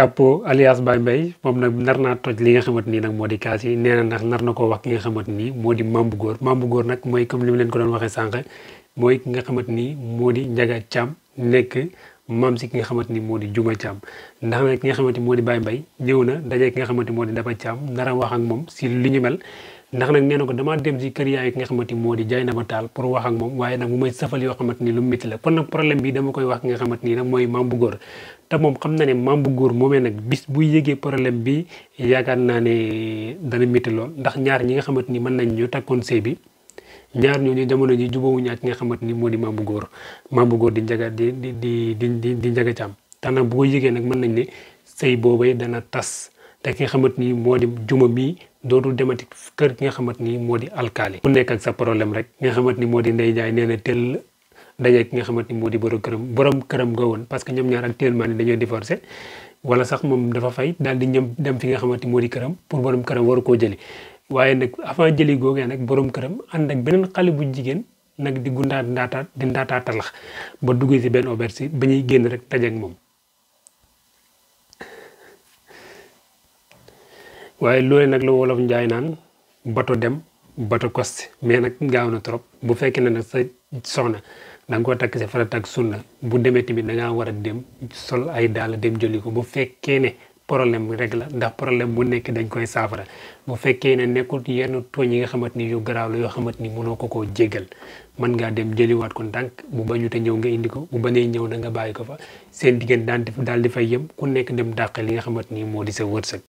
Capo alias Baye Mbaye moom nag nar naa toj li nga xamante ni nag moo di kaas yi nee na ndax nar na koo wax ki nga xamante ni moo di Mambu Góor Mambu Góor nag mooy comme li mu leen ko doon waxee sànq mooy ki nga xamante ni moo di Njaga Caam nekk maam si ki nga xamante ni moo di Juma Caam ndax nag ki nga xamante moo di Baye Mbaye ñëw na daje ki nga xamante ni moo di Daba Caam nar a wax ak moom si li ñu mel ndax nak nee dama dem ci kër yaay nga xamanteni modi di na ba taal pour wax ak mom waye nak mu may safal yo xamanteni lu metti la kon nak problème bi dama koy wax nga xamanteni ni moy mambu gor ta mom te xam na ne mambu gor momé nak bis bu yégué problème bi yaakaar na né dana metti lool ndax ñaar ñi nga xamanteni ni nañ ñu takkon sé bi ñaar ñu ñu ji jubawuñ ak nga ni moo di maam bu góor di jaga di di di di jaga njaga càmm te nag bu ko yëgee nag mën nañ né sey bobay dana tas ki xamanteni modi juma mi dootul demati kër gi nga xamanteni ni alkali di ku nekk ak sa problème rek nga xamanteni ni di ndey jaay neena tel teel daje nga xamanteni ni borom këram borom këram nga won parce que ñom ñaar actuellement ni divorcé wala sax mom dafa fay dal di ñëm dem fi nga xamanteni modi moo di pour borom këram war ko jëli waye nak avant jëli gogé nak borom këram and ak benen xali bu jigen nak di gundaat ndata di talax ba duggé ci ben auberge bañuy genn rek ak waaye loole nag la wolof njaay naan bato dem bato koste mais nag gaaw na trop bu fekkee ne nag sa soxna da nga ko takk si farata ak sunna bu demee tamit da ngaa war a dem sol ay daal dem jëli ko bu fekkee ne problème bi rek la ndax problème bu nekk dañ koy saafara bu fekkee ne nekkul yenn tooñ yi nga xamante ni yu garaaw la yoo xamante ni mënoo ko ko jéggal mën ngaa dem jëliwaat ko ndànk bu bañute ñëw nga indi ko bu bañee ñëw na nga bàyyi ko fa seen diggante daan daal di fay yem ku nekk dem dàq li nga xamante ni moo di sa wërsëg.